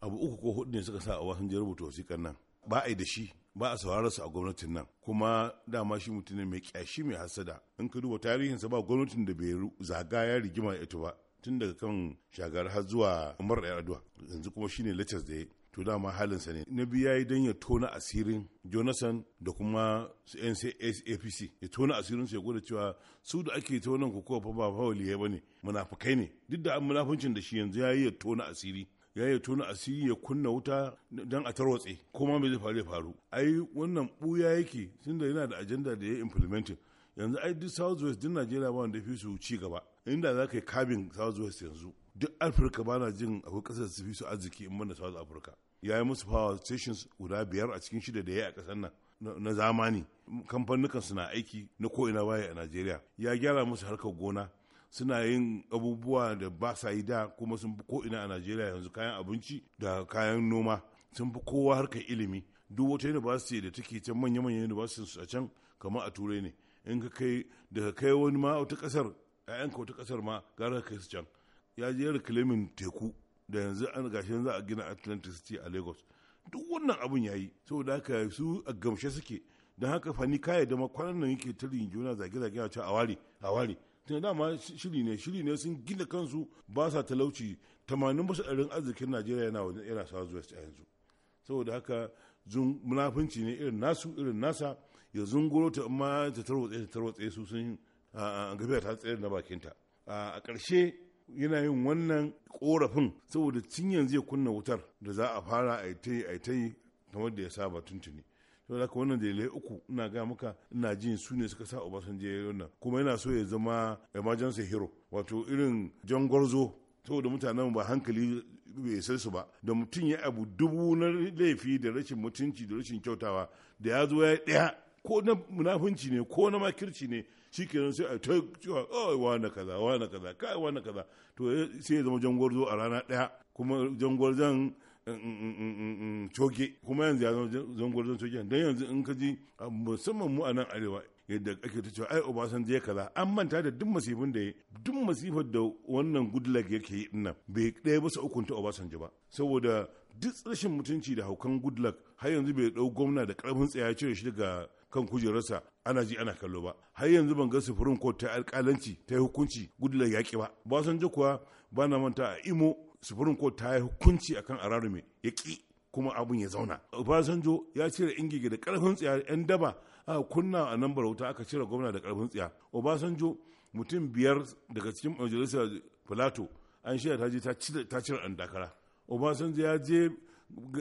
abu uku ko hudu ne suka sa a wasan rubuta wasiƙan nan ba a yi da shi ba a saurara su a gwamnatin nan kuma dama shi mutum ne mai kyashi mai hasada in ka duba tarihinsa ba gwamnatin da bai zaga ya rigima ita ba tun daga kan shagar har zuwa umar da addu'a yanzu kuma shine latest da ya to dama halinsa ne na biya yi don ya tona asirin jonathan da kuma apc ya tona asirin su ya gwada cewa su da ake tonan ku kowa fa ba fawali ya bane munafukai ne duk da an munafuncin da shi yanzu ya yi ya tona asiri ya yi tona asiri ya kunna wuta don a tarwatse kuma mai zai faru ya faru ai wannan buya yake da yana da ajanda da ya implementin yanzu ai duk south west din najeriya ba wanda fi su ci gaba inda za ka yi kabin south west yanzu duk afirka ba na jin akwai kasar su fi su arziki in banda south africa ya yi musu power stations guda biyar a cikin shida da ya yi a kasar nan na zamani kamfanin suna aiki na ko ina baya a najeriya ya gyara musu harkar gona suna yin abubuwa da ba sa yi da kuma sun fi ko'ina a najeriya yanzu kayan abinci da kayan noma sun fi kowa harkar ilimi duk wata university da take can manya-manyan su a can kamar a turai ne in ka kai daga kai wani ma wata kasar ƴaƴanka wata kasar ma gara ka kai su can ya je kilimin teku da yanzu an gashi yanzu a gina atlantic city a lagos duk wannan abun yayi saboda haka su a gamshe suke don haka fani kaya da kwanan nan yake tirin juna zage-zage a ware a ware tun dama shiri ne shiri ne sun gina kansu ba sa talauci 80 basu ɗarin arzikin najeriya yana wajen yana south a yanzu saboda haka zun munafunci ne irin nasu irin nasa ya goro ta amma ta tarwatse ta tarwatse su sun gafiya ta tsayar na bakinta a ƙarshe yana yin wannan korafin saboda cin yanzu ya kunna wutar da za a fara a yi ta yi kamar da ya saba tuntuni saboda haka wannan dalilai uku ina gaya maka ina jin su ne suka sa Obasanjo ya wannan kuma yana so ya zama emergency hero wato irin John Gorzo saboda mutanen ba hankali bai sai su ba da mutum ya abu dubu na laifi da rashin mutunci da rashin kyautawa da ya zo ya ɗaya ko na munafunci ne ko na makirci ne shi kenan sai a ta cewa oh wani kaza na kaza kai na kaza to sai ya zama jangwarzo a rana ɗaya kuma zan. coge kuma yanzu ya zama gwarzon coge don yanzu in ka ji musamman mu a nan arewa yadda ake ta cewa ai obasanjo ya kaza an manta da duk masifin da ya duk masifar da wannan goodluck yake yi dinnan bai ɗaya bisa ukunta obasanjo ba saboda duk rashin mutunci da haukan goodluck har yanzu bai ɗau gwamna da ƙarfin tsaya cire shi daga kan kujerarsa ana ji ana kallo ba har yanzu ban ga sufurin ko ta alƙalanci ta hukunci goodluck yaƙi ba obasanjo kuwa ba na manta a imo sufurin ko ta yi hukunci akan ararume ya ƙi kuma abun ya zauna obasanjo ya cire ingige da karfin tsiya yan daba aka kunna a nan barauta aka cire gwamna da karfin tsiya obasanjo mutum biyar daga cikin majalisar filato an shirya ta je ta cire an dakara obasanjo ya je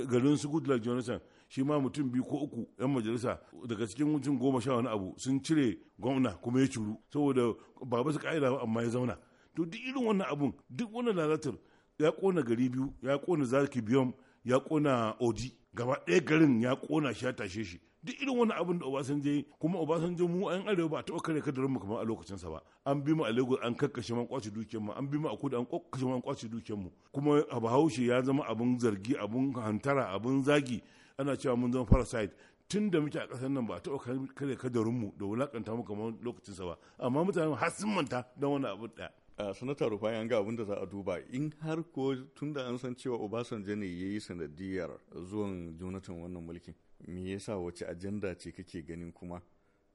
garin su goodluck jonathan shi ma mutum biyu ko uku yan majalisa daga cikin mutum goma sha wani abu sun cire gwamna kuma ya curu saboda ba su ka'ida ba amma ya zauna to duk irin wannan abun duk wannan lalatar ya kona gari biyu ya kona zaki biyom ya kona odi gaba ɗaya garin ya kona shi ya tashe shi duk irin wani abin da obasanjo yi kuma obasanjo mu an arewa ba a taɓa kare kadarin mu kamar a lokacinsa ba an bi mu a lagos an kakkashe man kwace dukiyar mu an bi mu a kudu an kakkashe man kwace dukiyar mu kuma a bahaushe ya zama abin zargi abin hantara abin zagi ana cewa mun zama parasite tun da muke a ƙasar nan ba a taɓa kare kadarin mu da wulakanta mu kamar lokacinsa ba amma mutane har sun manta don wani abu ɗaya sanata rufai an ga abin da za a duba in har ko tun da an san cewa obasanjo ne ya yi sanadiyar zuwan jonathan wannan mulkin me yasa wace ajanda ce kake ganin kuma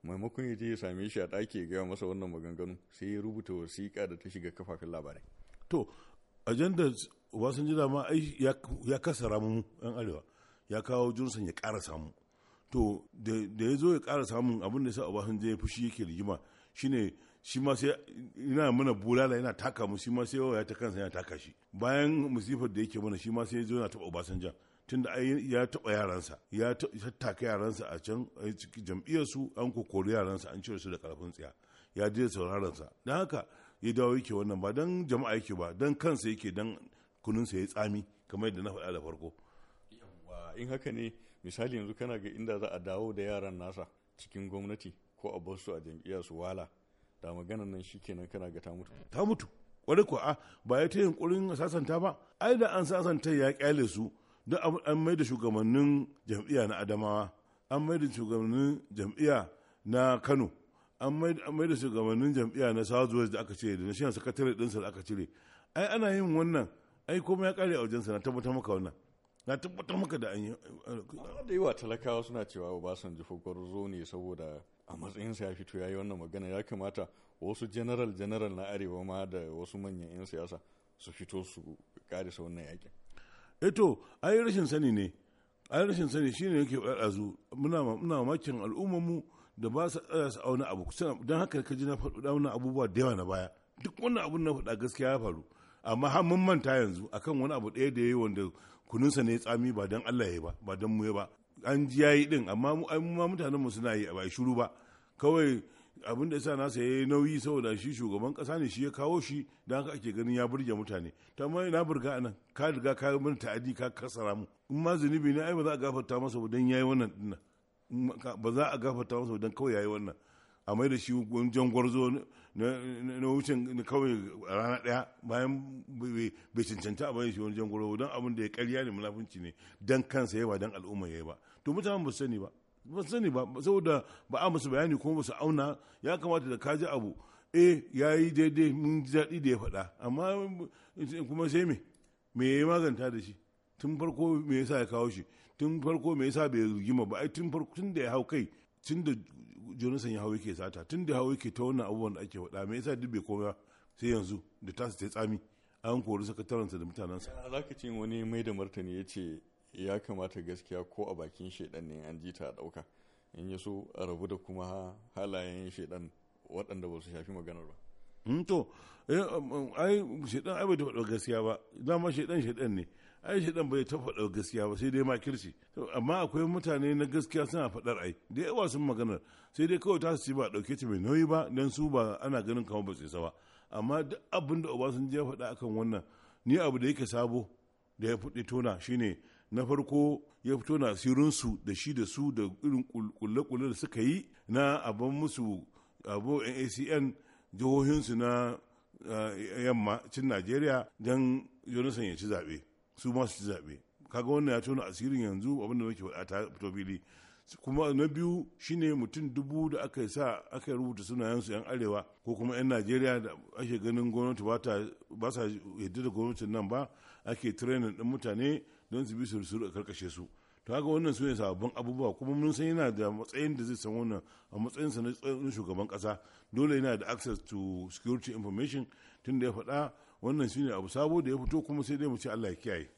maimakon ya je ya same shi a ɗaki ya gaya masa wannan maganganu sai ya rubuta wasiƙa da ta shiga kafafen labarai to ajanda obasanjo dama ai ya kasa ramu yan arewa ya kawo jonathan ya ƙara samu to da ya zo ya ƙara samun abin da ya sa obasanjo ya fushi yake rigima shine shi ma sai yana mana bulala yana taka mu shi ma sai ya ta kansa yana taka shi bayan musifar da yake mana shi ma sai ya zo yana taɓa Obasanjan tunda ai ya taɓa yaransa ya tattaka yaransa a can jam'iyyarsu an kokori yaransa an cire su da karfin tsiya ya je sa don haka ya dawo yake wannan ba don jama'a yake ba don kansa yake don sa ya tsami kamar yadda na faɗa da farko in haka ne misali yanzu kana ga inda za a dawo da yaran nasa cikin gwamnati ko a bar su a jam'iyyar su wala da maganan nan shi kenan kana ga ta mutu ta mutu kwarai kuwa ba ya ta yunkurin sasanta ba ai da an sasanta ya kyale su don an mai da shugabannin jam'iyya na adamawa an mai da shugabannin jam'iyya na kano an mai da shugabannin jam'iyya na southwest da aka cire da national sakatare ɗinsa da aka cire ai ana yin wannan ai kuma ya kare a wajensa na tabbatar maka wannan na tabbatar maka da an yi da yawa talakawa suna cewa obasanjo zo ne saboda a matsayinsa ya fito ya yi wannan magana ya kamata wasu general general na arewa ma da wasu manyan 'yan siyasa su fito su karisa wannan yakin eto eh ai rashin sani ne ai rashin sani shine yake ɗazu muna mamakin mu da ba su tsaya su auna abu don haka ka ji na da wani abubuwa da yawa na baya duk wannan abun na faɗa gaskiya ya faru amma har mun manta yanzu akan wani abu ɗaya da yayi wanda kununsa ne tsami ba don Allah ya ba ba don mu ya ba an ji ya yi din amma mutanen mu suna yi ba shiru ba kawai abin da ya sa na yayi nauyi saboda shi shugaban kasa ne shi ya kawo shi don haka ake ganin ya burge mutane ta amma na burga nan ka riga ka yi mun ta'adi ka kasara mu in ma zunubi ne ai ba za a gafarta masa ba ya yi wannan dinnan ba za a gafarta masa ba dan kawai yi wannan a mai da shi jan gwarzo na wucin kawai rana ɗaya bayan bai cancanta a bayan shi wani jan gwarzo don abin da ya karya ne munafunci ne don kansa ya ba don al'umma ya ba to mutanen ba su sani ba ba sani ba saboda ba a musu bayani kuma ba auna ya kamata da kaji abu e ya yi daidai mun ji da ya faɗa amma kuma sai me me ya maganta da shi tun farko me yasa ya kawo shi tun farko me yasa bai rigima ba ai tun farko tun da ya hau kai tun da jirin ya hawa yake sata tun da hawa yake ta wannan abubuwan da ake faɗa me yasa duk bai koma sai yanzu da ta ta tsami an kori sa da mutanensa a ka wani mai da martani ya ce ya kamata gaskiya ko a bakin shaidan ne an ji a ɗauka in ya so a rabu da kuma halayen shaidan waɗanda ba su shafi maganar ba hmm, to eh, um, um, ai shaidan ai bai taɓa gaskiya ba dama shaidan shaidan ne ai shi dan bai ta faɗa gaskiya ba sai dai makirci amma akwai mutane na gaskiya suna faɗar ai da yawa sun maganar sai dai kawai ta su ci ba ɗauke ta mai nauyi ba don su ba ana ganin kamar ba su isa amma duk abin da obasanjo ya faɗa akan wannan ni abu da yake sabo da ya fito tona shine na farko ya fito na su da shi da su da irin kulle-kulle da suka yi na abin musu abu NACN jihohinsu na eh, yamma cin Najeriya don Jonathan ya ci zaɓe. su ma su zaɓe kaga wannan ya tona asirin yanzu abin da muke faɗa ta fito fili kuma na biyu shine mutum dubu da aka sa aka rubuta sunayensu yan arewa ko kuma yan najeriya da ake ganin gwamnati ba sa yadda da gwamnatin nan ba ake tirenin din mutane don su bi su a karkashe su to haka wannan su ne sababbin abubuwa kuma mun san yana da matsayin da zai san wannan a matsayin sa na shugaban kasa dole yana da access to security information tun da ya faɗa wannan shine abu sabo da ya fito kuma sai dai mu ce Allah ya kiyaye